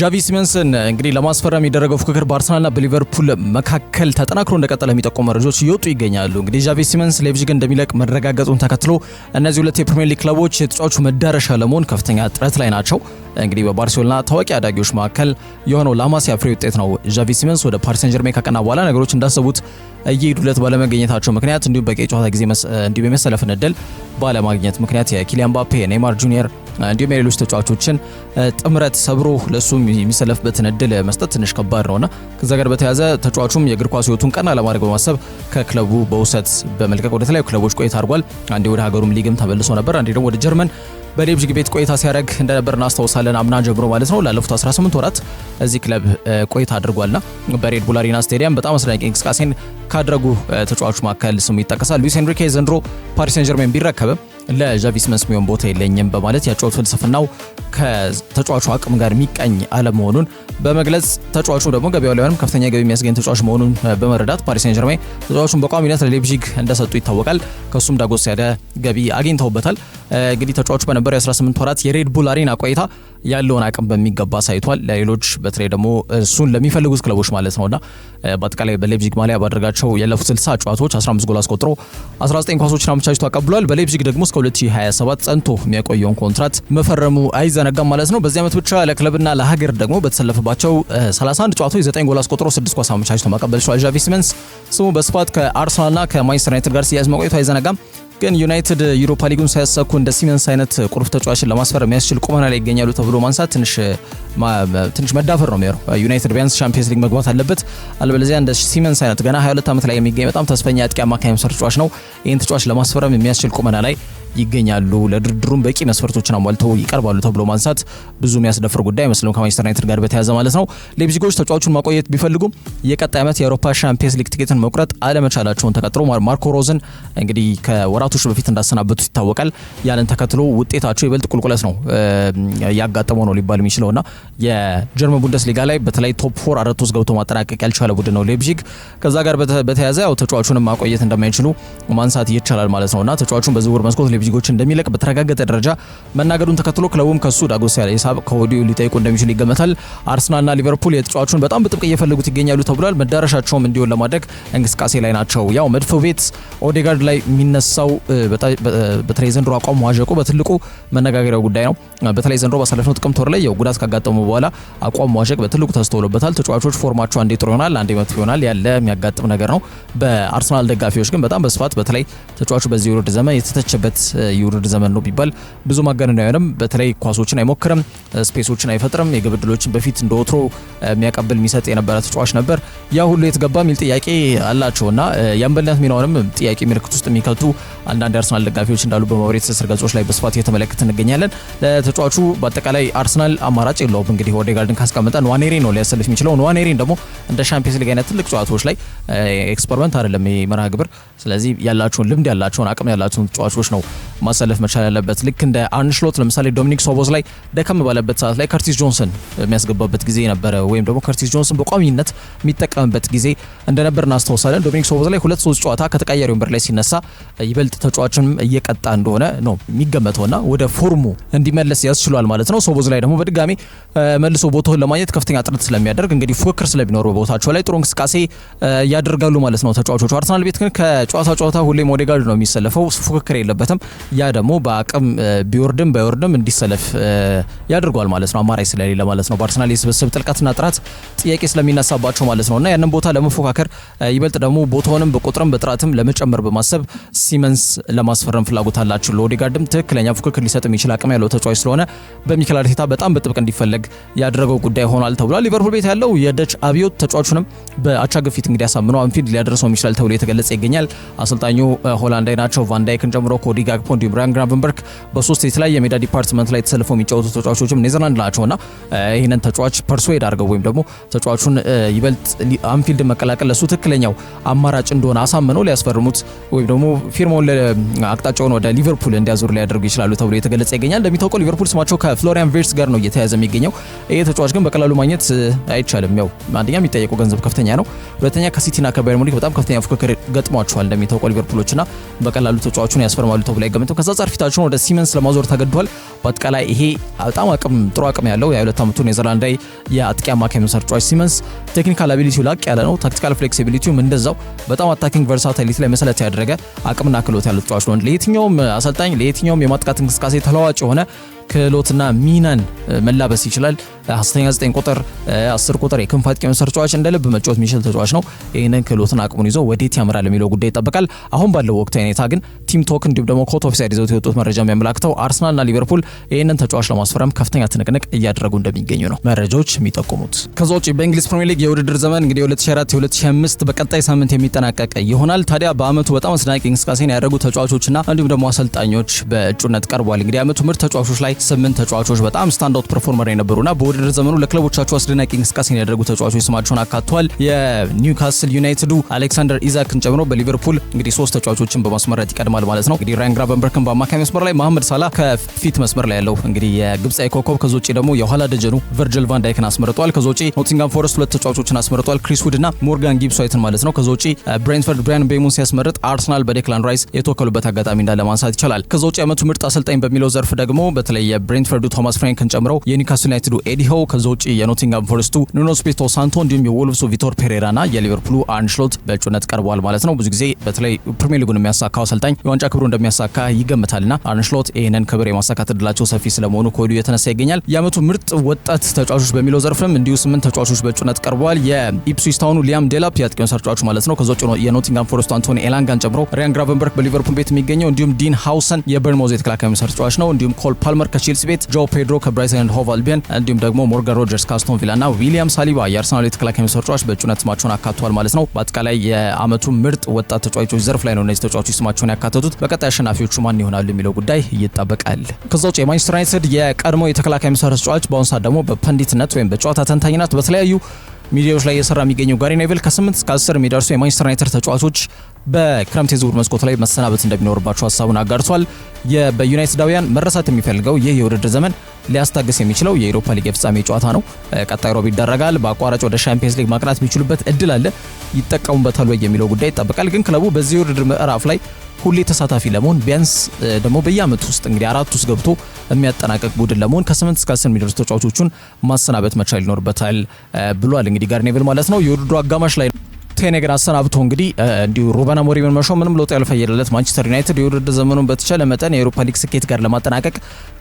ዣቪ ሲመንስን እንግዲህ ለማስፈረም የደረገው ፉክክር በአርሰናልና በሊቨርፑል መካከል ተጠናክሮ እንደቀጠለ የሚጠቁሙ መረጃዎች እየወጡ ይገኛሉ። እንግዲህ ዣቪ ሲመንስ ሌፕዚግ እንደሚለቅ መረጋገጡን ተከትሎ እነዚህ ሁለት የፕሪሚየር ሊግ ክለቦች የተጫዋቹ መዳረሻ ለመሆን ከፍተኛ ጥረት ላይ ናቸው። እንግዲህ በባርሴሎና ታዋቂ አዳጊዎች መካከል የሆነው ላማሲያ ፍሬ ውጤት ነው። ዣቪ ሲመንስ ወደ ፓሪስ ሰን ጀርሜን ካቀና በኋላ ነገሮች እንዳሰቡት እየሄዱለት ባለመገኘታቸው ምክንያት እንዲሁም በቂ ጨዋታ ጊዜ እንዲሁም የመሰለፍን እድል ባለማግኘት ምክንያት የኪሊያን ምባፔ፣ ኔይማር ጁኒየር እንዲሁም የሌሎች ተጫዋቾችን ጥምረት ሰብሮ ለእሱም የሚሰለፍበትን እድል መስጠት ትንሽ ከባድ ነውና ከዛ ጋር በተያያዘ ተጫዋቹም የእግር ኳስ ህይወቱን ቀና ለማድረግ በማሰብ ከክለቡ በውሰት በመልቀቅ ወደ ተለያዩ ክለቦች ቆይታ አድርጓል። አንዴ ወደ ሀገሩም ሊግም ተመልሶ ነበር። አንዴ ደግሞ ወደ ጀርመን በሌብዥግ ቤት ቆይታ ሲያደርግ እንደነበር እናስታውሳለን። አምና ጀምሮ ማለት ነው። ላለፉት 18 ወራት እዚህ ክለብ ቆይታ አድርጓልና በሬድ ቡል አሪና ስቴዲየም በጣም አስደናቂ እንቅስቃሴን ካደረጉ ተጫዋቾች መካከል ስሙ ይጠቀሳል። ሉዊስ ሄንሪኬ ዘንድሮ ፓሪስ ሴን ጀርሜን ቢረከብም ለዣቪስ መስሚዮን ቦታ የለኝም በማለት የጨዋታ ፍልስፍናው ከተጫዋቹ አቅም ጋር የሚቀኝ አለመሆኑን በመግለጽ ተጫዋቹ ደግሞ ገበያው ላይሆንም ከፍተኛ ገቢ የሚያስገኝ ተጫዋች መሆኑን በመረዳት ፓሪስ ሴን ጀርሜን ተጫዋቹን በቋሚነት ለሌፕዚግ እንደሰጡ ይታወቃል። ከሱም ዳጎስ ያለ ገቢ አግኝተውበታል። እንግዲህ ተጫዋቹ በነበረው የ18 ወራት የሬድቡል አሬና ቆይታ ያለውን አቅም በሚገባ ሳይቷል። ለሌሎች በተለይ ደግሞ እሱን ለሚፈልጉት ክለቦች ማለት ነውና በአጠቃላይ በሌፕዚግ ማሊያ ባደረጋቸው ያለፉት 60 ጨዋታዎች 15 ጎል አስቆጥሮ 19 ኳሶችን አመቻችቶ አቀብሏል። በሌፕዚግ ደግሞ እስከ 2027 ጸንቶ የሚያቆየውን ኮንትራት መፈረሙ አይዘነጋም ማለት ነው። በዚህ ዓመት ብቻ ለክለብና ለሀገር ደግሞ በተሰለፈባቸው 31 ጨዋታዎች 9 ጎል አስቆጥሮ 6 ኳስ አመቻችቶ ማቀበል ችሏል። ዣቪ ሲመንስ ስሙ በስፋት ከአርሰናልና ከማንቸስተር ዩናይትድ ጋር ሲያያዝ መቆየቱ አይዘነጋም። ግን ዩናይትድ ዩሮፓ ሊጉን ሳያሳኩ እንደ ሲመንስ አይነት ቁልፍ ተጫዋችን ለማስፈር የሚያስችል ቁመና ላይ ይገኛሉ ተብሎ ማንሳት ትንሽ መዳፈር ነው የሚሆነው። ዩናይትድ ቢያንስ ቻምፒየንስ ሊግ መግባት አለበት። አለበለዚያ እንደ ሲመንስ አይነት ገና 22 ዓመት ላይ የሚገኝ በጣም ተስፈኛ አጥቂ አማካኝ መሰር ተጫዋች ነው። ይህን ተጫዋች ለማስፈረም የሚያስችል ቁመና ላይ ይገኛሉ። ለድርድሩም በቂ መስፈርቶችን አሟልተው ይቀርባሉ ተብሎ ማንሳት ብዙ የሚያስደፍር ጉዳይ አይመስልም፣ ከማንቸስተር ዩናይትድ ጋር በተያያዘ ማለት ነው። ሌፕዚጎች ተጫዋቹን ማቆየት ቢፈልጉም የቀጣይ ዓመት የአውሮፓ ሻምፒየንስ ሊግ ትኬትን መቁረጥ አለመቻላቸውን ተቀጥሎ ማርኮ ሮዝን እንግዲህ ከወራቶች በፊት እንዳሰናበቱ ይታወቃል። ያንን ተከትሎ ውጤታቸው ይበልጥ ቁልቁለት ነው ያጋጠመው ነው ሊባል የሚችለው እና የጀርመን ሊጋ ላይ በተለይ ቶፕ ፎር አራት ውስጥ ገብቶ ማጠናቀቅ ያልቻለ ቡድን ነው ሌፕዚግ። ከዛ ጋር በተያያዘ ያው ተጫዋቹንም ማቆየት እንደማይችሉ ማንሳት ይቻላል ማለት ነው እና ተጫዋቹን በዝውውር መስኮት ግብይቶችን እንደሚለቅ በተረጋገጠ ደረጃ መናገዱን ተከትሎ ክለቡም ከሱ ዳጎስ ያለ ሂሳብ ከወዲሁ ሊጠይቁ እንደሚችሉ ይገመታል። አርሰናልና ሊቨርፑል የተጫዋቹን በጣም በጥብቅ እየፈለጉት ይገኛሉ ተብሏል። መዳረሻቸውም እንዲሆን ለማድረግ እንቅስቃሴ ላይ ናቸው። ያው መድፎ ቤት ኦዴጋርድ ላይ የሚነሳው በተለይ ዘንድሮ አቋም መዋዠቁ በትልቁ መነጋገሪያው ጉዳይ ነው። በተለይ ዘንድሮ ባሳለፍነው ጥቅምት ወር ላይ ያው ጉዳት ካጋጠሙ በኋላ አቋም መዋዠቅ በትልቁ ተስተውሎበታል። ተጫዋቾች ፎርማቸው አንዴ ጥሩ ይሆናል፣ አንዴ መጥፎ ይሆናል ያለ የሚያጋጥም ነገር ነው። በአርሰናል ደጋፊዎች ግን በጣም በስፋት በተለይ ተጫዋቹ በዚህ ውድድር ዘመን የተተቸበት የውድድር ዘመን ነው ቢባል ብዙ ማጋነን አይሆንም። በተለይ ኳሶችን አይሞክርም፣ ስፔሶችን አይፈጥርም። የግብ ዕድሎችን በፊት እንደ ወትሮ የሚያቀብል የሚሰጥ የነበረ ተጫዋች ነበር። ያ ሁሉ የተገባ የሚል ጥያቄ አላቸውና የአምበልነት ሚናውንም ጥያቄ ምልክት ውስጥ የሚከቱ አንዳንድ የአርሰናል ደጋፊዎች እንዳሉ በማህበራዊ ትስስር ገጾች ላይ በስፋት እየተመለከት እንገኛለን። ለተጫዋቹ በአጠቃላይ አርሰናል አማራጭ የለውም። እንግዲህ ኦዴጋርድን ካስቀመጠ ንዋኔሪ ነው ሊያሰልፍ የሚችለው። ንዋኔሪን ደግሞ እንደ ሻምፒየንስ ሊግ አይነት ትልቅ ጨዋታዎች ላይ ኤክስፐሪመንት አይደለም መርሃ ግብር። ስለዚህ ያላቸውን ልምድ ያላቸውን አቅም ያላቸውን ተጫዋቾች ነው ማሰለፍ መቻል ያለበት ልክ እንደ አንሽሎት ለምሳሌ ዶሚኒክ ሶቦዝ ላይ ደከም ባለበት ሰዓት ላይ ከርቲስ ጆንሰን የሚያስገባበት ጊዜ ነበረ፣ ወይም ደግሞ ከርቲስ ጆንሰን በቋሚነት የሚጠቀምበት ጊዜ እንደነበር እናስታውሳለን። ዶሚኒክ ሶቦዝ ላይ ሁለት ሶስት ጨዋታ ከተቀያሪ ወንበር ላይ ሲነሳ ይበልጥ ተጫዋችን እየቀጣ እንደሆነ ነው የሚገመተውና ወደ ፎርሙ እንዲመለስ ያስችሏል ማለት ነው። ሶቦዝ ላይ ደግሞ በድጋሚ መልሶ ቦታውን ለማግኘት ከፍተኛ ጥረት ስለሚያደርግ እንግዲህ ፉክክር ስለሚኖር በቦታቸው ላይ ጥሩ እንቅስቃሴ ያደርጋሉ ማለት ነው ተጫዋቾቹ። አርሰናል ቤት ግን ከጨዋታ ጨዋታ ሁሌም ኦዴጋርድ ነው የሚሰለፈው፣ ፉክክር የለበትም። ያ ደግሞ በአቅም ቢወርድም ባይወርድም እንዲሰለፍ ያደርጓል ማለት ነው። አማራጭ ስለሌለ ማለት ነው። በአርሰናል የስብስብ ጥልቀትና ጥራት ጥያቄ ስለሚነሳባቸው ማለት ነው እና ያንን ቦታ ለመፎካከር ይበልጥ ደግሞ ቦታውንም በቁጥርም በጥራትም ለመጨመር በማሰብ ሲመንስ ለማስፈረም ፍላጎት አላቸው። ለኦዴጋርድም ትክክለኛ ፉክክር ሊሰጥ የሚችል አቅም ያለው ተጫዋች ስለሆነ በሚኬል አርቴታ በጣም በጥብቅ እንዲፈለግ ያደረገው ጉዳይ ሆኗል ተብሏል። ሊቨርፑል ቤት ያለው የደች አብዮት ተጫዋቹንም በአቻ ግፊት እንግዲህ አሳምነው አንፊልድ ሊያደርሰው የሚችላል ተብሎ የተገለጸ ይገኛል። አሰልጣኙ ሆላንዳዊ ናቸው። ቫንዳይክን ጨምሮ ከኦዴጋ ዲያኮ እንዲሁም ራያን ግራቨንበርክ በሶስት የተለያየ የሜዳ ዲፓርትመንት ላይ ተሰልፈው የሚጫወቱ ተጫዋቾችም ኔዘርላንድ ናቸውና ይህንን ተጫዋች ፐርሶድ አድርገው ወይም ደግሞ ተጫዋቹን ይበልጥ አንፊልድ መቀላቀል ለሱ ትክክለኛው አማራጭ እንደሆነ አሳምነው ሊያስፈርሙት ወይም ደግሞ ፊርማውን አቅጣጫውን ወደ ሊቨርፑል እንዲያዞር ሊያደርጉ ይችላሉ ተብሎ የተገለጸ ይገኛል። እንደሚታወቀው ሊቨርፑል ስማቸው ከፍሎሪያን ቬርስ ጋር ነው እየተያያዘ የሚገኘው። ይህ ተጫዋች ግን በቀላሉ ማግኘት አይቻልም። ያው አንደኛ የሚጠየቀው ገንዘብ ከፍተኛ ነው፣ ሁለተኛ ከሲቲና ከባየር ሙኒክ በጣም ከፍተኛ ፉክክር ገጥሟቸዋል። እንደሚታወቀው ሊቨርፑሎችና በቀላሉ ተጫዋቹን ያስፈርማሉ ተብሎ ላይ ገምተው ከዛ ጻር ፊታቸውን ወደ ሲመንስ ለማዞር ተገዷል። በአጠቃላይ ይሄ በጣም አቅም ጥሩ አቅም ያለው የሁለት ዓመቱ ኔዘርላንዳዊ የአጥቂ አማካኝ መሰረት ተጫዋች ሲመንስ ቴክኒካል አቢሊቲው ላቅ ያለ ነው። ታክቲካል ፍሌክሲቢሊቲውም እንደዛው በጣም አታኪንግ ቨርሳታሊቲ ላይ መሰረት ያደረገ አቅምና ክህሎት ያለው ተጫዋች ነው። ለየትኛውም አሰልጣኝ ለየትኛውም የማጥቃት እንቅስቃሴ ተለዋጭ የሆነ ክህሎትና ሚናን መላበስ ይችላል። 19 9 ቁጥር፣ 10 ቁጥር የክንፍ አጥቂ የሚሰር ተጫዋች እንደ ልብ መጫወት የሚችል ተጫዋች ነው። ይህንን ክህሎትን አቅሙን ይዞ ወዴት ያምራል የሚለው ጉዳይ ይጠበቃል። አሁን ባለው ወቅታዊ ሁኔታ ግን ቲም ቶክ እንዲሁም ደግሞ ኮት ኦፊሳይድ ይዘውት የወጡት መረጃ የሚያመላክተው አርሰናልና ሊቨርፑል ይህንን ተጫዋች ለማስፈረም ከፍተኛ ትንቅንቅ እያደረጉ እንደሚገኙ ነው መረጃዎች የሚጠቁሙት። ከዛ ውጭ በእንግሊዝ ፕሪሚየር ሊግ የውድድር ዘመን እንግዲህ 2004 2005 በቀጣይ ሳምንት የሚጠናቀቅ ይሆናል። ታዲያ በአመቱ በጣም አስደናቂ እንቅስቃሴን ያደረጉ ተጫዋቾችና እንዲሁም ደግሞ አሰልጣኞች በእጩነት ቀርቧል። እንግዲህ አመቱ ምርጥ ተጫዋቾች ላይ ስምንት ተጫዋቾች በጣም ስታንዳውት ፐርፎርመር የነበሩና በውድድር ዘመኑ ለክለቦቻቸው አስደናቂ እንቅስቃሴን ያደረጉ ተጫዋቾች ስማቸውን አካተዋል። የኒውካስል ዩናይትዱ አሌክሳንደር ኢዛክን ጨምሮ በሊቨርፑል እንግዲህ ሶስት ተጫዋቾችን በማስመረጥ ይቀድማል ማለት ነው። እንግዲህ ራያን ግራቨንበርክን በአማካኝ መስመር ላይ፣ መሐመድ ሳላ ከፊት መስመር ላይ ያለው እንግዲህ የግብፃዊ ኮከብ፣ ከዚ ውጭ ደግሞ የኋላ ደጀኑ ቨርጅል ቫን ዳይክን አስመርጧል። ከዚ ውጭ ኖቲንጋም ፎረስት ሁለት ተጫዋቾችን አስመርጠዋል። ክሪስ ውድ እና ሞርጋን ጊብስ ዋይትን ማለት ነው። ከዚ ውጭ ብሬንትፈርድ ብራያን ቤሙን ሲያስመርጥ አርሰናል በዴክላን ራይስ የተወከሉበት አጋጣሚ እንዳለ ማንሳት ይቻላል። ከዚ ውጭ የዓመቱ ምርጥ አሰልጣኝ በሚለው ዘርፍ ደግሞ በተለይ የብሬንትፈርዱ ቶማስ ፍራንክን ጨምሮ የኒውካስል ዩናይትዱ ኤዲሆ ከዛ ውጭ የኖቲንጋም ፎረስቱ ኑኖ ስፒሪቶ ሳንቶ እንዲሁም የወልቭሱ ቪቶር ፔሬራ ና የሊቨርፑሉ አንሽሎት ስሎት በእጩነት ቀርበዋል ማለት ነው። ብዙ ጊዜ በተለይ ፕሪሚየር ሊጉን የሚያሳካው አሰልጣኝ የዋንጫ ክብሩ እንደሚያሳካ ይገምታል ና አንሽሎት ይህንን ክብር የማሳካት እድላቸው ሰፊ ስለመሆኑ ከወዲሁ የተነሳ ይገኛል። የአመቱ ምርጥ ወጣት ተጫዋቾች በሚለው ዘርፍም እንዲሁ ስምንት ተጫዋቾች በእጩነት ቀርበዋል። የኢፕስዊች ታውኑ ሊያም ዴላፕ የአጥቂ ተጫዋች ማለት ነው። ከዛ ውጭ የኖቲንጋም ፎረስቱ አንቶኒ ኤላንጋን ጨምሮ ሪያን ግራቨንበርግ በሊቨርፑል ቤት የሚገኘው እንዲሁም ዲን ሃውሰን የበርንማውዝ የተከላካይ ተጫዋች ነው። እንዲሁም ኮል ፓልመር ከቼልሲ ቤት፣ ጆ ፔድሮ ከብራይተን ኤንድ ሆቭ አልቢየን እንዲሁም ደግሞ ሞርጋን ሮጀርስ ከአስቶን ቪላ እና ዊሊያም ሳሊባ የአርሰናል የተከላካይ መስመር ተጫዋች በእጩነት ስማቸውን አካቷል ማለት ነው። በአጠቃላይ የአመቱ ምርጥ ወጣት ተጫዋቾች ዘርፍ ላይ ነው እነዚህ ተጫዋቾች ስማቸውን ያካተቱት። በቀጣይ አሸናፊዎቹ ማን ይሆናሉ የሚለው ጉዳይ ይጠበቃል። ከዛ ውጭ የማንቸስተር ዩናይትድ የቀድሞ የተከላካይ መስመር ተጫዋች በአሁኑ ሰዓት ደግሞ በፐንዲትነት ወይም በጨዋታ ተንታኝነት በተለያዩ ሚዲያዎች ላይ እየሰራ የሚገኘው ጋሪ ኔቪል ከ8 እስከ 10 የሚደርሱ የማንቸስተር ዩናይትድ ተጫዋቾች በክረምት የዝውውር መስኮት ላይ መሰናበት እንደሚኖርባቸው ሀሳቡን አጋርቷል። በዩናይትዳውያን መረሳት የሚፈልገው ይህ የውድድር ዘመን ሊያስታግስ የሚችለው የኤሮፓ ሊግ የፍጻሜ ጨዋታ ነው። ቀጣይ ሮብ ይደረጋል። በአቋራጭ ወደ ሻምፒየንስ ሊግ ማቅናት የሚችሉበት እድል አለ። ይጠቀሙበታል ወይ የሚለው ጉዳይ ይጠበቃል። ግን ክለቡ በዚህ የውድድር ምዕራፍ ላይ ሁሌ ተሳታፊ ለመሆን ቢያንስ ደግሞ በየአመቱ ውስጥ እንግዲህ አራት ውስጥ ገብቶ የሚያጠናቀቅ ቡድን ለመሆን ከስምንት እስከ አስር የሚደርሱ ተጫዋቾቹን ማሰናበት መቻል ይኖርበታል ብሏል። እንግዲህ ጋሪ ኔቭል ማለት ነው የውድድሩ አጋማሽ ላይ ነው። ቴኔግን አሰናብቶ እንግዲህ እንዲሁ ሩበን አሞሪምን መሾም ምንም ለውጥ ያልፈየደለት ማንቸስተር ዩናይትድ የውድድር ዘመኑን በተቻለ መጠን የአውሮፓ ሊግ ስኬት ጋር ለማጠናቀቅ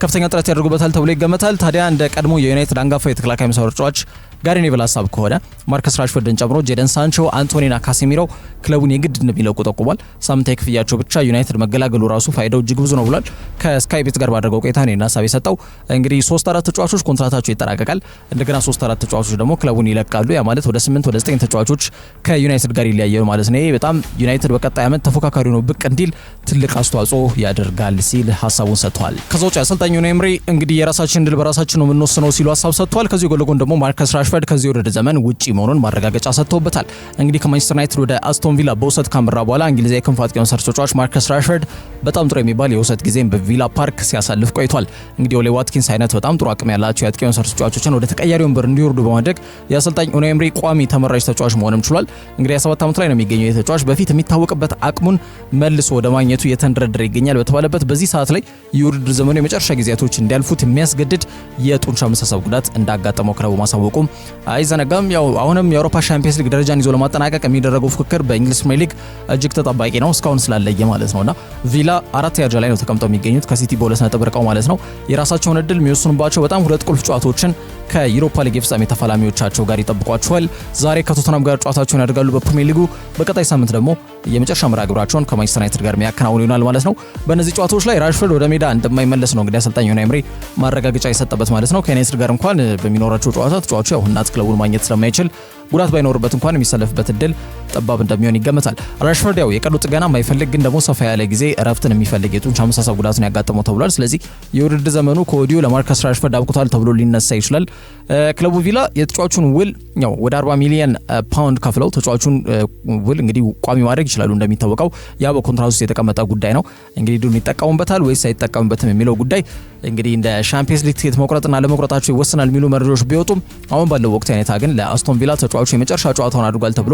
ከፍተኛ ጥረት ያደርጉበታል ተብሎ ይገመታል። ታዲያ እንደ ቀድሞ የዩናይትድ አንጋፋ የተከላካይ መስመር ተጫዋች ጋሪ ኔቭል ሀሳብ ከሆነ ማርከስ ራሽፎርድን ጨምሮ ጄደን ሳንቾ፣ አንቶኒና ካሲሚሮ ክለቡን የግድ እንደሚለቁ ጠቁሟል። ሳምንታዊ ክፍያቸው ብቻ ዩናይትድ መገላገሉ ራሱ ፋይዳው እጅግ ብዙ ነው ብሏል። ከስካይ ቤት ጋር ባደረገው ቆይታ እኔን ሀሳብ የሰጠው እንግዲህ ሶስት አራት ተጫዋቾች ኮንትራታቸው ይጠናቀቃል። እንደገና ሶስት አራት ተጫዋቾች ደግሞ ክለቡን ይለቃሉ። ያ ማለት ወደ ስምንት ወደ ዘጠኝ ተጫዋቾች ከዩናይትድ ጋር ይለያያሉ ማለት ነው። በጣም ዩናይትድ በቀጣይ ዓመት ተፎካካሪ ነው ብቅ እንዲል ትልቅ አስተዋጽኦ ያደርጋል ሲል ሀሳቡን ሰጥቷል። ከዛ ውጭ አሰልጣኙ ነው ኤምሪ እንግዲህ የራሳችን ድል በራሳችን ነው የምንወስነው ሲሉ ሀሳብ ሰጥቷል። ከዚህ ጎን ለጎን ደግሞ ማርከስ ራሽፈርድ ከዚህ ውድድር ዘመን ውጪ መሆኑን ማረጋገጫ ሰጥቶበታል። እንግዲህ ከማንቸስተር ዩናይትድ ወደ አስቶን ቪላ በውሰት ካመራ በኋላ እንግሊዛዊ ክንፍ አጥቂ መሰረት ተጫዋች ማርከስ ራሽፈርድ በጣም ጥሩ የሚባል የውሰት ጊዜን በቪላ ፓርክ ሲያሳልፍ ቆይቷል። እንግዲህ ኦሌ ዋትኪንስ አይነት በጣም ጥሩ አቅም ያላቸው የአጥቂ መሰረት ተጫዋቾችን ወደ ተቀያሪ ወንበር እንዲወርዱ በማድረግ የአሰልጣኝ ኡናይ ኤምሪ ቋሚ ተመራጭ ተጫዋች መሆንም ችሏል። እንግዲህ 27 ዓመቱ ላይ ነው የሚገኘው የተጫዋች በፊት የሚታወቅበት አቅሙን መልሶ ወደ ማግኘቱ የተንደረደረ ይገኛል በተባለበት በዚህ ሰዓት ላይ የውድድር ዘመኑ የመጨረሻ ጊዜያቶች እንዲያልፉት የሚያስገድድ የጡንቻ መሳሳብ ጉዳት እንዳጋጠመው ክለቡ ማሳወቁም አይዘነጋም። ያው አሁንም የአውሮፓ ሻምፒየንስ ሊግ ደረጃን ይዞ ለማጠናቀቅ የሚደረገው ፉክክር በእንግሊዝ ፕሪሚየር ሊግ እጅግ ተጠባቂ ነው፣ እስካሁን ስላለየ ማለት ነውና ቪላ አራት ያርጃ ላይ ነው ተቀምጠው የሚገኙት ከሲቲ በሁለት ነጥብ ርቀው ማለት ነው። የራሳቸውን እድል የሚወስኑባቸው በጣም ሁለት ቁልፍ ጨዋታዎችን ከዩሮፓ ሊግ የፍጻሜ ተፋላሚዎቻቸው ጋር ይጠብቋቸዋል። ዛሬ ከቶተናም ጋር ጨዋታቸውን ያደርጋሉ በፕሪሚየር ሊጉ። በቀጣይ ሳምንት ደግሞ የመጨረሻ ምራ ግብራቸውን ከማንቸስተር ዩናይትድ ጋር የሚያከናውኑ ይሆናል ማለት ነው። በእነዚህ ጨዋታዎች ላይ ራሽፎርድ ወደ ሜዳ እንደማይመለስ ነው እንግዲህ አሰልጣኝ ዮና ኤምሪ ማረጋገጫ የሰጠበት ማለት ነው። ከዩናይትድ ጋር እንኳን በሚኖራቸው ጨዋታ ተጫዋቹ ያው እናት ክለቡን ማግኘት ስለማይችል ጉዳት ባይኖርበት እንኳን የሚሰለፍበት እድል ጠባብ እንደሚሆን ይገመታል። ራሽፎርድ ያው የቀዶ ጥገና የማይፈልግ ግን ደግሞ ሰፋ ያለ ጊዜ እረፍትን የሚፈልግ የጡንቻ መሳሳብ ጉዳትን ያጋጠመው ተብሏል። ስለዚህ የውድድር ዘመኑ ከወዲሁ ለማርከስ ራሽፎርድ አብቅቷል ተብሎ ሊነሳ ይችላል። ክለቡ ቪላ የተጫዋቹን ውል ያው ወደ 40 ሚሊዮን ፓውንድ ከፍለው ተጫዋቹን ውል እንግዲህ ቋሚ ማድረግ ይችላሉ። እንደሚታወቀው ያ በኮንትራት ውስጥ የተቀመጠ ጉዳይ ነው። እንግዲህ ዱን ይጠቀሙበታል ወይስ አይጠቀሙበትም የሚለው ጉዳይ እንግዲህ እንደ ሻምፒየንስ ሊግ ትኬት መቁረጥና ለመቁረጣቸው ይወስናል የሚሉ መረጃዎች ቢወጡም አሁን ባለው ወቅት ሁኔታ ግን ለአስቶን ቪላ ተጫዋቹ የመጨረሻ ጨዋታውን አድርጓል ተብሎ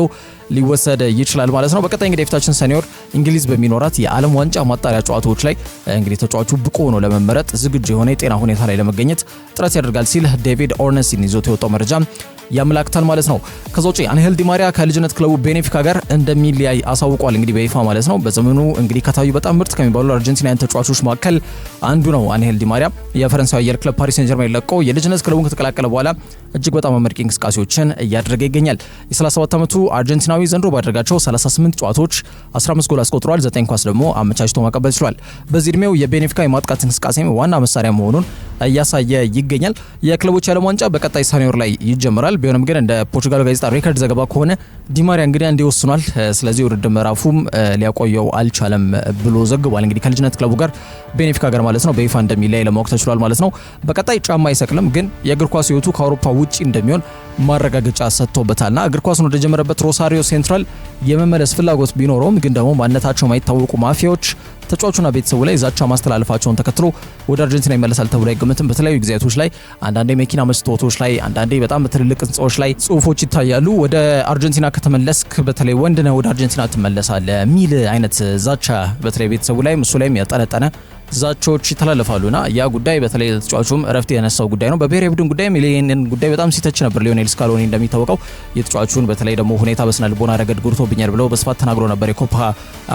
ሊወሰድ ይችላል ማለት ነው። በቀጣይ እንግዲህ የፊታችን ሰኒዮር እንግሊዝ በሚኖራት የዓለም ዋንጫ ማጣሪያ ጨዋታዎች ላይ እንግዲህ ተጫዋቹ ብቁ ሆኖ ለመመረጥ ዝግጁ የሆነ የጤና ሁኔታ ላይ ለመገኘት ጥረት ያደርጋል ሲል ዴቪድ ኦርነስቲን ይዞት የወጣው መረጃ ያመላክታል ማለት ነው። ከዛ ውጪ አንሄል ዲማሪያ ከልጅነት ክለቡ ቤኔፊካ ጋር እንደሚለያይ አሳውቋል። እንግዲህ በይፋ ማለት ነው። በዘመኑ እንግዲህ ከታዩ በጣም ምርጥ ከሚባሉ አርጀንቲናውያን ተጫዋቾች መካከል አንዱ ነው። አንሄል ዲማሪያ የፈረንሳዊ አየር ክለብ ፓሪስ ሴን ጀርማን ለቆ የልጅነት ክለቡን ከተቀላቀለ በኋላ እጅግ በጣም አመርቂ እንቅስቃሴዎችን እያደረገ ይገኛል። የ37 ዓመቱ አርጀንቲናዊ ዘንድሮ ባደረጋቸው 38 ጨዋታዎች 15 ጎል አስቆጥሯል። 9 ኳስ ደግሞ አመቻችቶ ማቀበል ችሏል። በዚህ እድሜው የቤኔፊካ የማጥቃት እንቅስቃሴም ዋና መሳሪያ መሆኑን እያሳየ ይገኛል። የክለቦች የዓለም ዋንጫ በቀጣይ ሰኔ ወር ላይ ይጀምራል። ቢሆንም ግን እንደ ፖርቹጋሉ ጋዜጣ ሬከርድ ዘገባ ከሆነ ዲማሪያ እንግዲህ አንዴ ወስኗል። ስለዚህ የውድድር ምዕራፉም ሊያቆየው አልቻለም ብሎ ዘግቧል። እንግዲህ ከልጅነት ክለቡ ጋር ቤኔፊካ ጋር ማለት ነው በይፋ እንደሚለያይ ለማወቅ ተችሏል ማለት ነው። በቀጣይ ጫማ አይሰቅልም፣ ግን የእግር ኳስ ህይወቱ ከአውሮፓ ውጪ እንደሚሆን ማረጋገጫ ሰጥቶበታልና እግር ኳሱን ወደጀመረበት ሮሳሪዮ ሴንትራል የመመለስ ፍላጎት ቢኖረውም ግን ደግሞ ማንነታቸው ማይታወቁ ማፊያዎች ተጫዋቹና ቤተሰቡ ላይ ዛቻ ማስተላለፋቸውን ተከትሎ ወደ አርጀንቲና ይመለሳል ተብሎ አይገምትም። በተለያዩ ጊዜያቶች ላይ አንዳንዴ መኪና መስታወቶች ላይ፣ አንዳንዴ በጣም ትልልቅ ህንፃዎች ላይ ጽሁፎች ይታያሉ። ወደ አርጀንቲና ከተመለስክ በተለይ ወንድ ነህ ወደ አርጀንቲና ትመለሳለህ የሚል አይነት ዛቻ በተለይ ቤተሰቡ ላይ እሱ ላይም ያጠነጠነ ዛቾች ይተላለፋሉና ያ ጉዳይ በተለይ ተጫዋቹም እረፍት የነሳው ጉዳይ ነው። በብሔራዊ ቡድን ጉዳይም ይህንን ጉዳይ በጣም ሲተች ነበር ሊዮኔል ስካሎኒ። እንደሚታወቀው የተጫዋቹን በተለይ ደግሞ ሁኔታ በስነ ልቦና ረገድ ጉድቶብኛል ብለው በስፋት ተናግሮ ነበር የኮፓ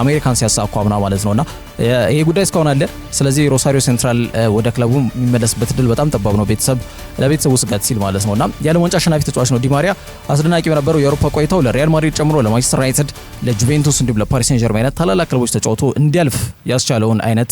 አሜሪካን ሲያሳኩ አምና ማለት ነውና ይሄ ጉዳይ እስካሁን አለ። ስለዚህ ሮሳሪዮ ሴንትራል ወደ ክለቡ የሚመለስበት ድል በጣም ጠባብ ነው፣ ቤተሰብ ለቤተሰቡ ስጋት ሲል ማለት ነው ነውና የዓለም ዋንጫ አሸናፊ ተጫዋች ነው ዲማሪያ። አስደናቂ በነበረው የአውሮፓ ቆይታው ለሪያል ማድሪድ ጨምሮ ለማንቸስተር ዩናይትድ፣ ለጁቬንቱስ እንዲሁም ለፓሪስ ሴንት አይነት ታላላቅ ክለቦች ተጫውቶ እንዲያልፍ ያስቻለውን አይነት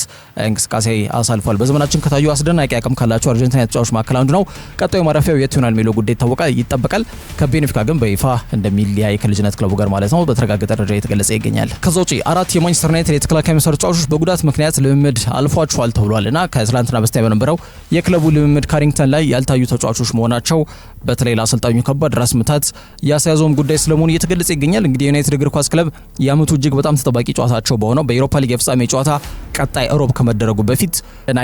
እንቅስቃሴ አሳልፏል። በዘመናችን ከታዩ አስደናቂ አቅም ካላቸው አርጀንቲና ተጫዋቾች መካከል አንዱ ነው። ቀጣዩ ማረፊያው የት ይሆናል የሚለው ጉዳይ ይጠበቃል። ከቤኔፊካ ግን በይፋ እንደሚለያይ ከልጅነት ክለቡ ጋር ማለት ነው በተረጋገጠ ደረጃ የተገለጸ ይገኛል። ከዛ ውጪ አራት የማንቸስተር ዩናይትድ የተከላካይ መስመር ተጫዋቾች በጉዳት ምክንያት ልምምድ አልፏቸዋል ተብሏል እና ከትላንትና በስቲያ በነበረው የክለቡ ልምምድ ካሪንግተን ላይ ያልታዩ ተጫዋቾች መሆናቸው በተለይ ለአሰልጣኙ ከባድ ራስ ምታት ያስያዘውም ጉዳይ ስለመሆኑ እየተገለጸ ይገኛል። እንግዲህ የዩናይትድ እግር ኳስ ክለብ የአመቱ እጅግ በጣም ተጠባቂ ጨዋታቸው በሆነው በኤሮፓ ሊግ የፍጻሜ ጨዋታ ቀጣይ እሮብ ከመደረ ከመደረጉ በፊት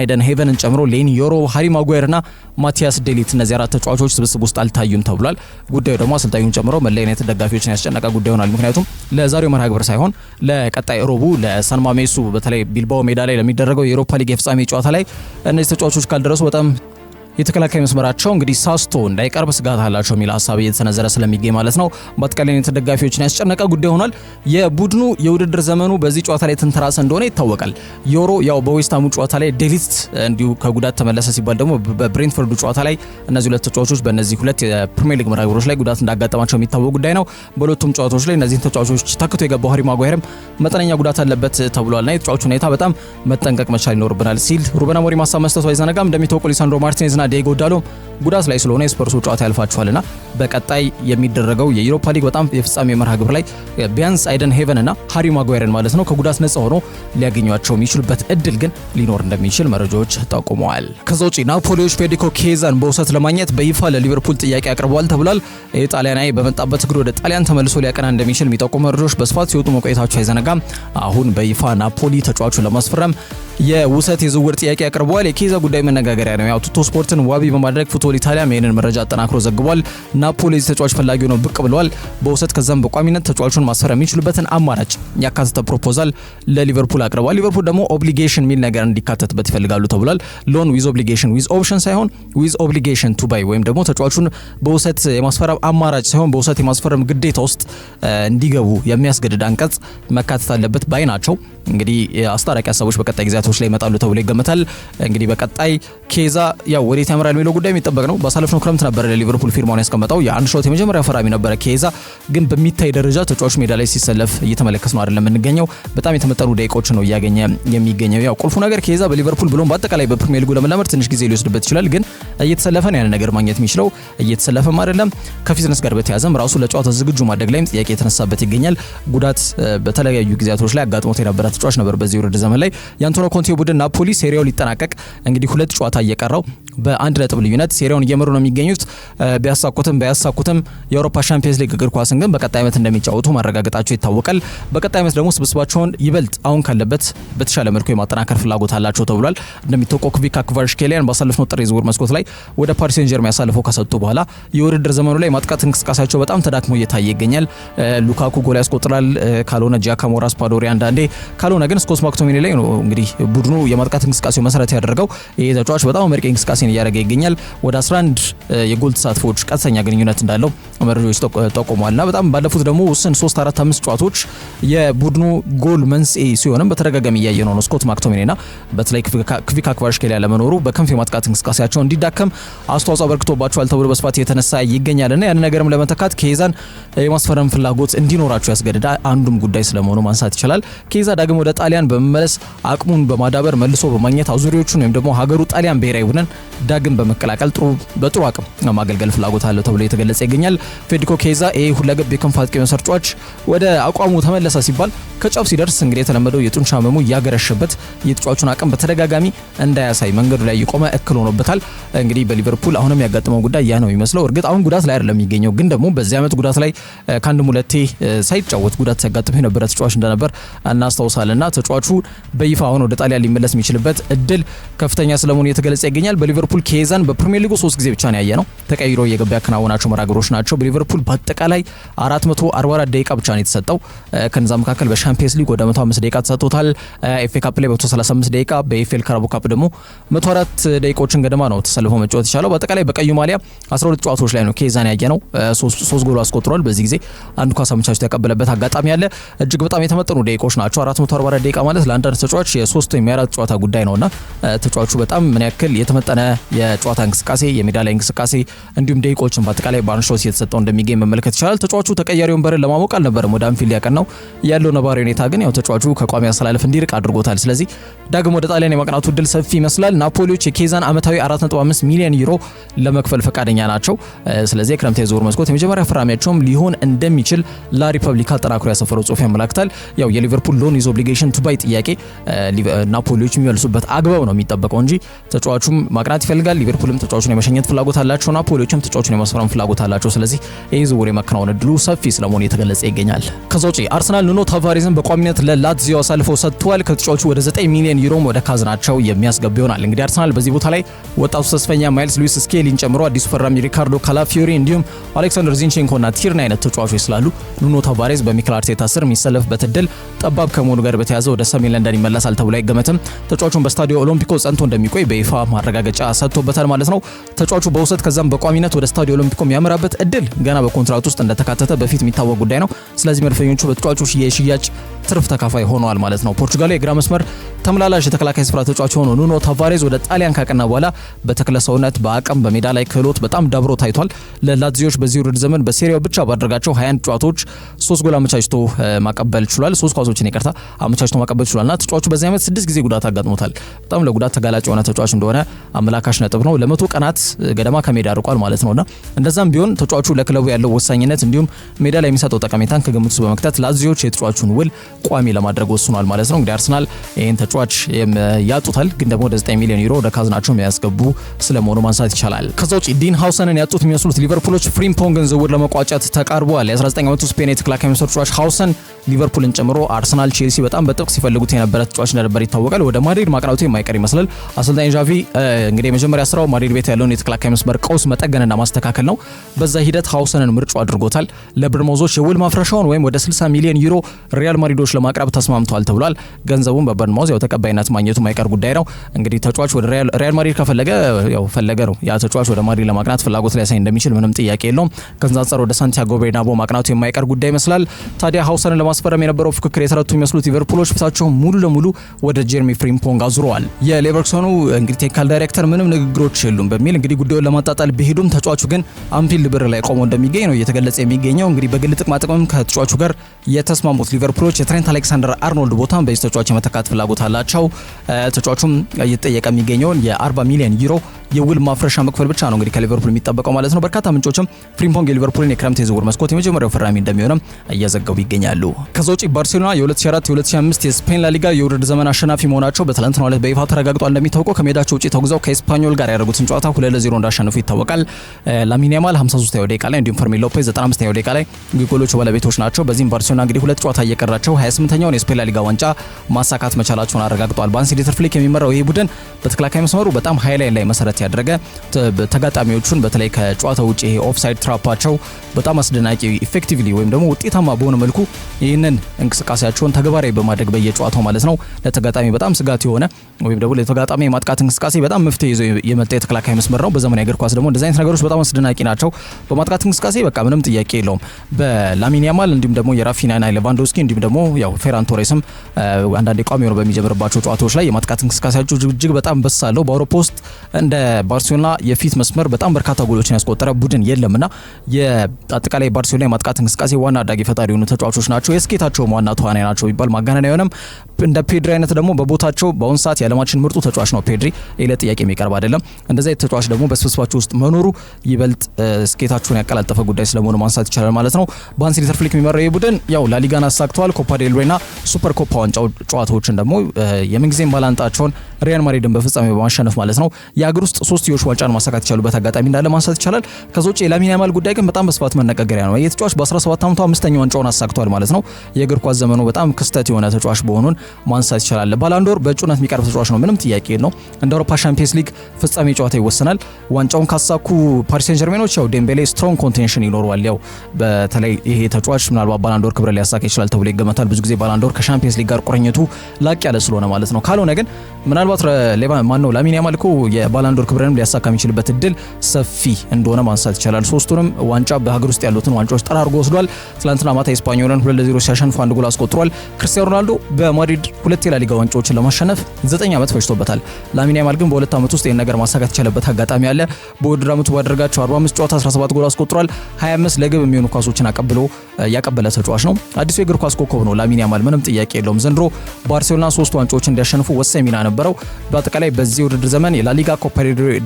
አይደን ሄቨንን ጨምሮ ሌኒ ዮሮ፣ ሃሪ ማጓየር ና ማቲያስ ዴሊት እነዚህ አራት ተጫዋቾች ስብስብ ውስጥ አልታዩም ተብሏል። ጉዳዩ ደግሞ አሰልጣኙን ጨምሮ መላ ዩናይትድ ደጋፊዎችን ያስጨነቀ ጉዳይ ሆናል። ምክንያቱም ለዛሬው መርሃ ግብር ሳይሆን ለቀጣይ ሮቡ ለሳንማሜሱ በተለይ ቢልባኦ ሜዳ ላይ ለሚደረገው የኤሮፓ ሊግ የፍጻሜ ጨዋታ ላይ እነዚህ ተጫዋቾች ካልደረሱ በጣም የተከላካይ መስመራቸው እንግዲህ ሳስቶ እንዳይቀርብ ስጋት አላቸው የሚል ሀሳብ እየተሰነዘረ ስለሚገኝ ማለት ነው በአጠቃላይ ደጋፊዎችን ያስጨነቀ ጉዳይ ሆኗል። የቡድኑ የውድድር ዘመኑ በዚህ ጨዋታ ላይ ትንተራሰ እንደሆነ ይታወቃል። ዮሮ ያው በዌስታሙ ጨዋታ ላይ ዴሊት እንዲሁ ከጉዳት ተመለሰ ሲባል ደግሞ በብሬንትፎርዱ ጨዋታ ላይ እነዚህ ሁለት ተጫዋቾች በእነዚህ ሁለት የፕሪሚየር ሊግ መርሃ ላይ ጉዳት እንዳጋጠማቸው የሚታወቅ ጉዳይ ነው። በሁለቱም ጨዋታዎች ላይ እነዚህን ተጫዋቾች ተክቶ የገባው ሀሪ ማጓሄርም መጠነኛ ጉዳት አለበት ና የተጫዋቹ ሁኔታ በጣም መጠንቀቅ መቻል ይኖርብናል ሲል ሩበን አሞሪም ሀሳብ መስጠቱ አይዘነጋም። እንደሚታወቀው ሊሳንድሮ ማርቲኔዝ ባርሴሎና ዲጎ ዳሎ ጉዳት ላይ ስለሆነ የስፐርሱ ጨዋታ ያልፋቸዋልና በቀጣይ የሚደረገው የዩሮፓ ሊግ በጣም የፍጻሜ መርሃ ግብር ላይ ቢያንስ አይደን ሄቨን እና ሃሪ ማጓይርን ማለት ነው ከጉዳት ነጻ ሆኖ ሊያገኟቸው የሚችሉበት እድል ግን ሊኖር እንደሚችል መረጃዎች ጠቁመዋል። ከዛ ውጪ ናፖሊዎች ፌዴሪኮ ኬዛን በውሰት ለማግኘት በይፋ ለሊቨርፑል ጥያቄ አቅርበዋል ተብሏል። ጣሊያናዊ በመጣበት እግር ወደ ጣሊያን ተመልሶ ሊያቀና እንደሚችል የሚጠቁሙ መረጃዎች በስፋት ሲወጡ መቆየታቸው አይዘነጋም። አሁን በይፋ ናፖሊ ተጫዋቹን ለማስፈረም የውሰት የዝውውር ጥያቄ አቅርበዋል። የኬዛ ጉዳይ መነጋገሪያ ነው። ያው ቱቶ ስፖርት ጉዳትን ዋቢ በማድረግ ፉትቦል ኢታሊያ ይህንን መረጃ አጠናክሮ ዘግቧል። ናፖሊ የዚህ ተጫዋች ፈላጊ ነው ብቅ ብለዋል። በውሰት ከዛም በቋሚነት ተጫዋቹን ማስፈር የሚችሉበትን አማራጭ ያካተተ ፕሮፖዛል ለሊቨርፑል አቅርቧል። ሊቨርፑል ደግሞ ኦብሊጌሽን የሚል ነገር እንዲካተትበት ይፈልጋሉ ተብሏል። ሎን ዊዝ ኦብሊጌሽን ዊዝ ኦፕሽን ሳይሆን ዊዝ ኦብሊጌሽን ቱ ባይ ወይም ደግሞ ተጫዋቹን በውሰት የማስፈረም አማራጭ ሳይሆን በውሰት የማስፈረም ግዴታ ውስጥ እንዲገቡ የሚያስገድድ አንቀጽ መካተት አለበት ባይ ናቸው። እንግዲህ አስታራቂ ሀሳቦች በቀጣይ ጊዜያቶች ላይ ይመጣሉ ተብሎ ይገመታል። እንግዲህ በቀጣይ ኬዛ ያው ወዴት ያምራል የሚለው ጉዳይ የሚጠበቅ ነው። ባሳለፍነው ክረምት ነበረ ለሊቨርፑል ፊርማውን ያስቀመጠው ሾት የመጀመሪያ ፈራሚ ነበረ ኬዛ። ግን በሚታይ ደረጃ ተጫዋች ሜዳ ላይ ሲሰለፍ እየተመለከት ነው አይደለም የምንገኘው። በጣም የተመጠኑ ደቂቆች ነው እያገኘ የሚገኘው። ያው ቁልፉ ነገር ኬዛ በሊቨርፑል ብሎም በአጠቃላይ በፕሪሚየር ሊጉ ለመላመድ ትንሽ ጊዜ ሊወስድበት ይችላል። ግን እየተሰለፈ ነው ያን ነገር ማግኘት የሚችለው እየተሰለፈም አይደለም። ከፊትነስ ጋር በተያያዘም ራሱ ለጨዋታ ዝግጁ ማድረግ ላይም ጥያቄ የተነሳበት ይገኛል። ጉዳት በተለያዩ ጊዜያቶች ላይ አጋጥሞት የነበረ ተጫዋች ነበር በዚህ ውድድር ዘመን ላይ የአንቶኒዮ ኮንቴ ቡድን ናፖሊ ሴሪያው ሊጠናቀቅ እንግዲህ ሁለት ጨዋታ እየቀረው በአንድ ነጥብ ልዩነት ሴሪያውን እየመሩ ነው የሚገኙት። ቢያሳኩትም ባያሳኩትም የአውሮፓ ሻምፒየንስ ሊግ እግር ኳስን ግን በቀጣይ ዓመት እንደሚጫወቱ ማረጋገጣቸው ይታወቃል። በቀጣይ ዓመት ደግሞ ስብስባቸውን ይበልጥ አሁን ካለበት በተሻለ መልኩ የማጠናከር ፍላጎት አላቸው ተብሏል። እንደሚታወቀው ኩቪካ ክቫራትስኬሊያን ባሳለፍነው ጥር የዝውውር መስኮት ላይ ወደ ፓሪስ ሴን ጀርሜን ያሳልፈው ከሰጡ በኋላ የውድድር ዘመኑ ላይ ማጥቃት እንቅስቃሴያቸው በጣም ተዳክሞ እየታየ ይገኛል። ሉካኩ ጎል ያስቆጥራል፣ ካልሆነ ጂያካ ሞራስ አንዳንዴ ካልሆነ ግን ስኮት ማክቶሚኒ ላይ ነው እንግዲህ ቡድኑ የማጥቃት እንቅስቃሴው መሰረት ያደረገው። ይህ ተጫዋች በጣም አመርቂ እንቅስቃሴን እያደረገ ይገኛል። ወደ 11 የጎል ተሳትፎዎች ቀጥተኛ ግንኙነት እንዳለው መረጃዎች ጠቁሟል። ና በጣም ባለፉት ደግሞ ውስን 3 4 5 ጨዋታዎች የቡድኑ ጎል መንስኤ ሲሆንም በተደጋጋሚ እያየ ነው ስኮት ማክቶሚኒ ና በተለይ ክቪክ አክቫራሽኬሊያ ለመኖሩ በክንፍ የማጥቃት እንቅስቃሴያቸው እንዲዳከም አስተዋጽኦ አበርክቶባቸዋል ተብሎ በስፋት የተነሳ ይገኛል። ያንን ያን ነገርም ለመተካት ከዛን የማስፈረም ፍላጎት እንዲኖራቸው ያስገድዳ አንዱም ጉዳይ ስለመሆኑ ማንሳት ይችላል። ከዛ ዳግም ወደ ጣሊያን በመመለስ አቅሙን በማዳበር መልሶ በማግኘት አዙሪዎቹን ወይም ደግሞ ሀገሩ ጣሊያን ብሔራዊ ቡድን ዳግም በመቀላቀል ጥሩ በጥሩ አቅም ማገልገል ፍላጎት አለው ተብሎ የተገለጸ ይገኛል። ፌዲኮ ኬዛ ይሄ ሁለገብ የክንፍ አጥቂ የሆነ ተጫዋች ወደ አቋሙ ተመለሰ ሲባል ከጫፍ ሲደርስ እንግዲህ የተለመደው የጡንቻ ህመሙ እያገረሸበት የተጫዋቹን አቅም በተደጋጋሚ እንዳያሳይ መንገዱ ላይ እየቆመ እክል ሆኖበታል። እንግዲህ በሊቨርፑል አሁንም ያጋጥመው ጉዳይ ያ ነው የሚመስለው። እርግጥ አሁን ጉዳት ላይ አይደለም የሚገኘው፣ ግን ደግሞ በዚህ ዓመት ጉዳት ላይ ከአንድም ሁለቴ ሳይጫወት ጉዳት ሲያጋጥም የነበረ ተጫዋች እንደነበር እናስታውሳለን። እና ተጫዋቹ በይፋ አሁን ወደ ጣሊያን ሊመለስ የሚችልበት እድል ከፍተኛ ስለመሆኑ እየተገለጸ ይገኛል። በሊቨርፑል ኬዛን በፕሪሚየር ሊጉ ሶስት ጊዜ ብቻ ነው ያየ ነው ተቀይሮ እየገባ ያከናወናቸው መራግሮች ናቸው። በሊቨርፑል በአጠቃላይ 444 ደቂቃ ብቻ ነው የተሰጠው። ከነዛ መካከል በሻምፒየንስ ሊግ ወደ 105 ደቂቃ ተሰጥቶታል። ኤፍ ካፕ ላይ 135 ደቂቃ፣ በኤፍኤል ካራቦ ካፕ ደግሞ 104 ደቂቃዎችን ገደማ ነው ተሰልፎ መጫወት የቻለው። በአጠቃላይ በቀዩ ማሊያ 12 ጨዋታዎች ላይ ነው ኬዛን ያየ ነው። ሶስት ጎል አስቆጥሯል። በዚህ ጊዜ አንዱ ኳስ አመቻችቶ ያቀበለበት አጋጣሚ አለ። እጅግ በጣም የተመጠኑ ደቂቃዎች ናቸው። 144 ደቂቃ ማለት ለአንዳንድ ተጫዋች የሶስት ወይም የአራት ጨዋታ ጉዳይ ነውና ተጫዋቹ በጣም ምን ያክል የተመጠነ የጨዋታ እንቅስቃሴ፣ የሜዳ ላይ እንቅስቃሴ እንዲሁም ደቂቆችን በአጠቃላይ በአንሾስ የተሰጠው እንደሚገኝ መመልከት ይቻላል። ተጫዋቹ ተቀያሪ ወንበርን ለማሞቅ አልነበረም ወደ አንፊልድ ያቀናው። ያለው ነባሪ ሁኔታ ግን ያው ተጫዋቹ ከቋሚ አሰላለፍ እንዲርቅ አድርጎታል። ስለዚህ ዳግም ወደ ጣሊያን የማቅናቱ እድል ሰፊ ይመስላል። ናፖሊዎች የኬዛን ዓመታዊ 4.5 ሚሊዮን ዩሮ ለመክፈል ፈቃደኛ ናቸው። ስለዚህ የክረምት የዝውውር መስኮት የመጀመሪያ ፈራሚያቸውም ሊሆን እንደሚችል ላ ሪፐብሊካ አጠናክሮ ያሰፈረው ጽሁፍ ያመላክታል። ያው የሊቨርፑል ሎን ይዞ ኦብሊጌሽን ቱ ባይ ጥያቄ ናፖሊዎች የሚመልሱበት አግባብ ነው የሚጠበቀው እንጂ ተጫዋቹም ማቅናት ይፈልጋል። ሊቨርፑልም ተጫዋቹን የመሸኘት ፍላጎት አላቸው። ናፖሊዎችም ተጫዋቹን የማስፈረም ፍላጎት አላቸው። ስለዚህ ይህ ዝውውር የመከናወን እድሉ ሰፊ ስለመሆኑ የተገለጸ ይገኛል። ከዛ ውጪ አርሰናል ኑኖ ታቫሬዝን በቋሚነት ለላትዚዮ አሳልፈው ሰጥተዋል። ከተጫዋቹ ወደ 9 ሚሊዮን ዩሮም ወደ ካዝናቸው የሚያስገባ ይሆናል። እንግዲህ አርሰናል በዚህ ቦታ ላይ ወጣቱ ተስፈኛ ማይልስ ሉዊስ ስኬሊን ጨምሮ አዲሱ ፈራሚ ሪካርዶ ካላፊዮሪ እንዲሁም አሌክሳንደር ና ቲርን አይነት ተጫዋቾች ስላሉ ኑኖ ታቫሬዝ በሚክል አርቴታ ስር የሚሰለፍበት እድል ጠባብ ከመሆኑ ጋር ጋር በተያዘ ወደ ሰሜን ለንደን ይመለሳል ተብሎ አይገመትም። ተጫዋቹን በስታዲዮ ኦሎምፒኮ ጸንቶ እንደሚቆይ በይፋ ማረጋገጫ ሰጥቶበታል ማለት ነው። ተጫዋቹ በውሰት ከዛም በቋሚነት ወደ ስታዲዮ ኦሎምፒኮ የሚያመራበት እድል ገና በኮንትራክት ውስጥ እንደተካተተ በፊት የሚታወቅ ጉዳይ ነው። ስለዚህ መድፈኞቹ በተጫዋቹ የሽያጭ ትርፍ ተካፋይ ሆነዋል ማለት ነው። ፖርቹጋላዊ የግራ መስመር ተመላላሽ የተከላካይ ስፍራ ተጫዋች ሆኖ ኑኖ ታቫሬዝ ወደ ጣሊያን ካቀና በኋላ በተክለ ሰውነት፣ በአቅም፣ በሜዳ ላይ ክህሎት በጣም ዳብሮ ታይቷል። ለላዚዮች በዚህ ውድድር ዘመን በሴሪያው ብቻ ባደረጋቸው 21 ጨዋታዎች 3 ጎል አመቻችቶ ማቀበል ችሏል። 3 ኳሶችን ይቅርታ አመቻችቶ ማቀበል ችሏል እና ተጫዋቹ በዚህ ዓመት ስድስት ጊዜ ጉዳት አጋጥሞታል። በጣም ለጉዳት ተጋላጭ የሆነ ተጫዋች እንደሆነ አመላካሽ ነጥብ ነው። ለመቶ ቀናት ገደማ ከሜዳ አርቋል ማለት ነውና እንደዛም ቢሆን ተጫዋቹ ለክለቡ ያለው ወሳኝነት እንዲሁም ሜዳ ላይ የሚሰጠው ጠቀሜታን ከግምት ውስጥ በመክተት ላዚዮች የተጫዋቹን ውል ቋሚ ለማድረግ ወስኗል ማለት ነው። እንግዲህ አርሰናል ይህን ተጫዋች ያጡታል፣ ግን ደግሞ ወደ 9 ሚሊዮን ዩሮ ወደ ካዝናቸው የሚያስገቡ ስለመሆኑ ማንሳት ይቻላል። ከዛ ውጭ ዲን ሃውሰንን ያጡት የሚመስሉት ሊቨርፑሎች ፍሪምፖንግን ዝውውር ለመቋጨት ተቃርበዋል። የ19 ዓመቱ ስፔን የተከላካይ መስመር ተጫዋች ሃውሰን ሊቨርፑልን ጨምሮ አርሰናል፣ ቼልሲ በጣም በጥብቅ ሲፈልጉት የነበረ ተጫዋች እንደነበር ይታወቃል። ወደ ማድሪድ ማቅናቱ የማይቀር ይመስላል። አሰልጣኝ ዣቪ እንግዲህ የመጀመሪያ ስራው ማድሪድ ቤት ያለውን የተከላካይ መስመር ቀውስ መጠገንና ማስተካከል ነው። በዛ ሂደት ሀውሰንን ምርጫ አድርጎታል። ለብርሞዞች የውል ማፍረሻውን ወይም ወደ 60 ሚሊዮን ዩሮ ሪያል ማድሪዶች ለማቅረብ ተስማምተዋል ተብሏል። ገንዘቡን በበርንማውዝ ያው ተቀባይነት ማግኘቱ የማይቀር ጉዳይ ነው። እንግዲህ ተጫዋች ወደ ሪያል ማድሪድ ከፈለገ ያው ፈለገ ነው። ያ ተጫዋች ወደ ማድሪድ ለማቅናት ፍላጎት ሊያሳይ እንደሚችል ምንም ጥያቄ የለውም። ከዛ አንጻር ወደ ሳንቲያጎ ቤርናቦ ማቅናቱ የማይቀር ጉዳይ ይመስላል። ታዲያ ሀውሰንን ለማስፈረም የነበረው ፍክክር የተረቱ የሚመስሉት ሊቨርፑሎች ፊታቸውን ሙሉ ለሙሉ ወደ ጀርሚ ፍሪምፖንግ አዙረዋል። የሌቨርኩሰኑ እንግዲህ ቴክኒካል ዳይሬክተር ምንም ንግግሮች የሉም በሚል እንግዲህ ጉዳዩን ለማጣጣል ቢሄዱም ተጫዋቹ ግን አምፊልድ ብር ላይ ቆሞ እንደሚገኝ ነው እየተገለጸ የሚገኘው። እንግዲህ በግል ጥቅማ ጥቅምም ከተጫዋቹ ጋር የተስማሙት ሊቨርፑሎች የትሬንት አሌክሳንደር አርኖልድ ቦታን በዚህ ተጫዋች የመተካት ፍላጎት አላቸው። ተጫዋቹም እየተጠየቀ የሚገኘውን የ40 ሚሊዮን ዩሮ የውል ማፍረሻ መክፈል ብቻ ነው እንግዲህ ከሊቨርፑል የሚጠበቀው ማለት ነው። በርካታ ምንጮችም ፍሪምፖንግ የሊቨርፑልን የክረምት የዝውውር መስኮት የመጀመሪያው ፈራሚ እንደሚሆንም እያዘገቡ ይገኛሉ። ከዛ ውጪ ባርሴሎና የ2004 የ የስፔን ላሊጋ የውድድር ዘመን አሸናፊ መሆናቸው በትላንትናው ዕለት በይፋ ተረጋግጧል። እንደሚታወቀው ከሜዳቸው ውጪ ተጉዘው ከኤስፓኞል ጋር ያደረጉትን ጨዋታ 2 ለዜሮ 0 እንዳሸነፉ ይታወቃል። ላሚን ያማል 53ኛው ደቂቃ ላይ እንዲሁም ፈርሚን ሎፔዝ 95ኛው ደቂቃ ላይ ጎሎቹ ባለቤቶች ናቸው። በዚህም ባርሴሎና እንግዲህ ሁለት ጨዋታ እየቀራቸው 28ኛውን የስፔን ላሊጋ ዋንጫ ማሳካት መቻላቸውን አረጋግጧል። በአንሲ ዴተር ፍሊክ የሚመራው ይህ ቡድን በተከላካይ መስመሩ በጣም ሀይላይን ላይ መሰረት ያደረገ ተጋጣሚዎቹን በተለይ ከጨዋታ ውጭ ይሄ ኦፍሳይድ ትራፓቸው በጣም አስደናቂ ኢፌክቲቭሊ ወይም ደግሞ ውጤታማ በሆነ መልኩ ይህንን እንቅስቃሴያቸውን ተግባራዊ በማድረግ በየጨዋታው ማለት ነው ለተጋጣሚ በጣም ስጋት የሆነ ወይም ደግሞ ለተጋጣሚ የማጥቃት እንቅስቃሴ በጣም መፍትሄ ይዞ የመጣ የተከላካይ መስመር ነው። በዘመናዊ እግር ኳስ ደግሞ እንደዚህ አይነት ነገሮች በጣም አስደናቂ ናቸው። በማጥቃት እንቅስቃሴ በቃ ምንም ጥያቄ የለውም። በላሚን ያማል እንዲሁም ደግሞ የራፊናና ሌቫንዶስኪ እንዲሁም ደግሞ ያው ፌራን ቶሬስም አንዳንዴ ቋሚ ሆኖ በሚጀምርባቸው ጨዋታዎች ላይ የማጥቃት እንቅስቃሴያቸው እጅግ በጣም በሳለው በአውሮፓ ውስጥ እንደ የባርሴሎና የፊት መስመር በጣም በርካታ ጎሎችን ያስቆጠረ ቡድን የለምና የአጠቃላይ ባርሴሎና የማጥቃት እንቅስቃሴ ዋና አዳጊ ፈጣሪ የሆኑ ተጫዋቾች ናቸው። የስኬታቸውም ዋና ተዋናይ ናቸው ቢባል ማጋነን አይሆንም። እንደ ፔድሪ አይነት ደግሞ በቦታቸው በአሁኑ ሰዓት የዓለማችን ምርጡ ተጫዋች ነው ፔድሪ፣ ሌላ ጥያቄ የሚቀርብ አይደለም። እንደዚ ተጫዋች ደግሞ በስብስባቸው ውስጥ መኖሩ ይበልጥ ስኬታቸውን ያቀላጠፈ ጉዳይ ስለመሆኑ ማንሳት ይቻላል ማለት ነው። በሃንሲ ፍሊክ ፍሊክ የሚመራው ቡድን ያው ላሊጋን አሳክተዋል። ኮፓ ዴል ሬና ሱፐር ኮፓ ዋንጫ ጨዋታዎችን ደግሞ የምንጊዜም ባላንጣቸውን ሪያል ማድሪድን በፍጻሜ በማሸነፍ ማለት ነው የአገር ውስጥ ሶስትዮሽ ዋንጫን ማሳካት የቻሉበት አጋጣሚ እንዳለ ማንሳት ይቻላል። ከዛ ውጭ የላሚን ያማል ጉዳይ ግን በጣም በስፋት መነጋገሪያ ነው። የተጫዋች በ17 ዓመቱ አምስተኛ ዋንጫውን አሳክቷል ማለት ነው። የእግር ኳስ ዘመኑ በጣም ክስተት የሆነ ተጫዋች በሆኑን ማንሳት ይቻላል። ባላንዶር በእጩነት የሚቀርብ ተጫዋች ነው፣ ምንም ጥያቄ የለው። እንደ አውሮፓ ሻምፒየንስ ሊግ ፍጻሜ ጨዋታ ይወሰናል። ዋንጫውን ካሳኩ ፓሪስ ሴን ጀርሜኖች ያው ዴምቤሌ ስትሮንግ ኮንቴንሽን ይኖረዋል። ያው በተለይ ይሄ ተጫዋች ምናልባት ባላንዶር ክብረ ሊያሳካ ይችላል ተብሎ ይገመታል። ብዙ ጊዜ ባላንዶር ከሻምፒየንስ ሊግ ጋር ቁርኝቱ ላቅ ያለ ስለሆነ ማለት ነው። ካልሆነ ግን ምናልባት ማን ነው ላሚን ያማል እኮ የባላንዶር የሀገር ክብርንም ሊያሳካ የሚችልበት እድል ሰፊ እንደሆነ ማንሳት ይቻላል። ሶስቱንም ዋንጫ በሀገር ውስጥ ያሉትን ዋንጫዎች ጠራርጎ ወስዷል። ትላንትና ማታ ኤስፓኞልን ሁለት ለዜሮ ሲያሸንፉ አንድ ጎል አስቆጥሯል። ክርስቲያኖ ሮናልዶ በማድሪድ ሁለት የላሊጋ ዋንጫዎችን ለማሸነፍ ዘጠኝ ዓመት ፈጅቶበታል። ላሚን ያማል ግን በሁለት ዓመት ውስጥ ይህን ነገር ማሳካት የቻለበት አጋጣሚ አለ። በውድድር ዓመቱ ባደረጋቸው 45 ጨዋታ 17 ጎል አስቆጥሯል። 25 ለግብ የሚሆኑ ኳሶችን አቀብሎ ያቀበለ ተጫዋች ነው። አዲሱ የእግር ኳስ ኮከብ ነው ላሚን ያማል ምንም ጥያቄ የለውም። ዘንድሮ ባርሴሎና ሶስት ዋንጫዎች እንዲያሸንፉ ወሳኝ ሚና ነበረው። በአጠቃላይ በዚህ ውድድር ዘመን የላሊጋ ኮፓ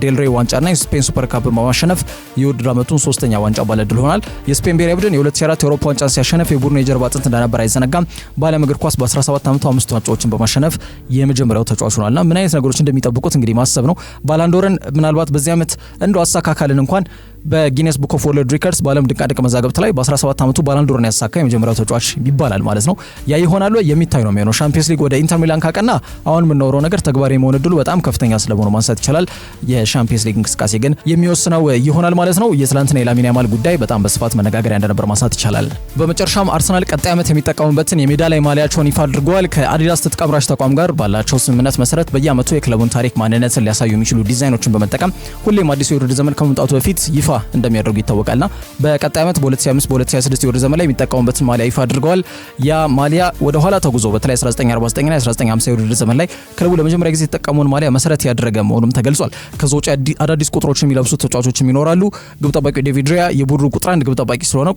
ዴልሬ ዋንጫና የስፔን ሱፐር ካፕ በማሸነፍ የውድድር ዓመቱን ሶስተኛ ዋንጫ ባለድል ሆናል። የስፔን ብሔራዊ ቡድን የ2004 የአውሮፓ ዋንጫ ሲያሸነፍ የቡድኑ የጀርባ አጥንት እንደነበር አይዘነጋም። በዓለም እግር ኳስ በ17 ዓመቱ አምስት ዋንጫዎችን በማሸነፍ የመጀመሪያው ተጫዋች ሆናልና ምን አይነት ነገሮች እንደሚጠብቁት እንግዲህ ማሰብ ነው። ባላንዶረን ምናልባት በዚህ ዓመት እንደ አሳካካልን እንኳን በጊኔስ ቡክ ኦፍ ወርልድ ሪከርድስ በዓለም ድንቃድንቅ መዛገብት ላይ በ17 ዓመቱ ባላንዶርን ያሳካ የመጀመሪያው ተጫዋች ይባላል ማለት ነው። ያ ይሆናሉ የሚታይ ነው የሚሆነው። ሻምፒዮንስ ሊግ ወደ ኢንተር ሚላን ካቀና አሁን የምናወራው ነገር ተግባራዊ የመሆን እድሉ በጣም ከፍተኛ ስለሆነ ማንሳት ይቻላል። የሻምፒዮንስ ሊግ እንቅስቃሴ ግን የሚወስነው ይሆናል ማለት ነው። የትላንትና የላሚን ያማል ጉዳይ በጣም በስፋት መነጋገሪያ እንደነበር ማንሳት ይቻላል። በመጨረሻም አርሰናል ቀጣይ ዓመት የሚጠቀሙበትን የሜዳ ላይ ማሊያቸውን ይፋ አድርገዋል። ከአዲዳስ ትጥቅ አምራች ተቋም ጋር ባላቸው ስምምነት መሰረት በየዓመቱ የክለቡን ታሪክ ማንነትን ሊያሳዩ የሚችሉ ዲዛይኖችን በመጠቀም ሁሌም አዲሱ የውድድር ዘመን ከመምጣቱ በፊት ይፋ እንደሚያደርጉ ይታወቃል። ና በቀጣይ ዓመት በ2025 በ2026 የውድድር ዘመን ላይ የሚጠቀሙበት ማሊያ ይፋ አድርገዋል። ያ ማሊያ ወደ ኋላ ተጉዞ በተለይ 1949ና 1950 የውድድር ዘመን ላይ ክለቡ ለመጀመሪያ ጊዜ የተጠቀመውን ማሊያ መሰረት ያደረገ መሆኑም ተገልጿል። ከዛ ውጭ አዳዲስ ቁጥሮች የሚለብሱት ተጫዋቾችም ይኖራሉ። ግብ ጠባቂ ዴቪድ ሪያ የቡድኑ ቁጥር አንድ ግብ ጠባቂ ስለሆነ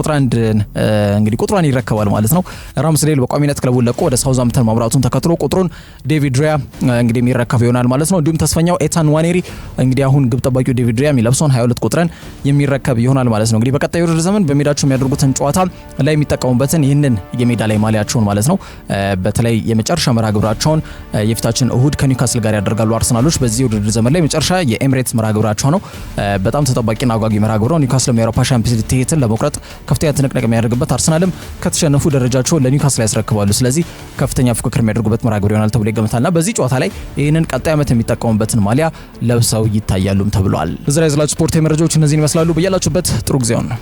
ቁጥር አንድ እንግዲህ ቁጥሯን ይረከባል ማለት ነው። ራምስዴል በቋሚነት ክለቡን ለቆ ወደ ሳውዛምፕተን ማምራቱን ተከትሎ ቁጥሩን ዴቪድ ሪያ እንግዲህ የሚረከብ ይሆናል ማለት ነው። እንዲሁም ተስፈኛው ኤታን ዋኔሪ እንግዲህ አሁን ግብ ጠባቂው ዴቪድ ሪያ የሚለብሰውን ሁለት ቁጥርን የሚረከብ ይሆናል ማለት ነው። እንግዲህ በቀጣዩ ውድድር ዘመን በሜዳቸው የሚያደርጉትን ጨዋታ ላይ የሚጠቀሙበትን ይህንን የሜዳ ላይ ማሊያቸውን ማለት ነው በተለይ የመጨረሻ መርሃ ግብራቸውን የፊታችን እሁድ ከኒውካስል ጋር ያደርጋሉ አርሰናሎች። በዚህ ውድድር ዘመን ላይ መጨረሻ የኤሚሬትስ መርሃ ግብራቸው ነው። በጣም ተጠባቂና አጓጊ መርሃ ግብር ነው። የአውሮፓ ሻምፒዮንስ ሊግ ትኬትን ለመቁረጥ ከፍተኛ ትንቅንቅ የሚያደርግበት አርሰናልም ከተሸነፉ ደረጃቸውን ለኒውካስል ያስረክባሉ። ስለዚህ ከፍተኛ ፉክክር የሚያደርጉበት መርሃ ግብር ይሆናል ተብሎ ና በዚህ ጨዋታ ላይ ይህንን ቀጣይ ዓመት የሚጠቀሙበትን ማሊያ ለብሰው ይታያሉም ተብሏል። ዝራይዝላችሁ ስፖርት መረጃዎች እነዚህን ይመስላሉ። በያላችሁበት ጥሩ ጊዜውን ነው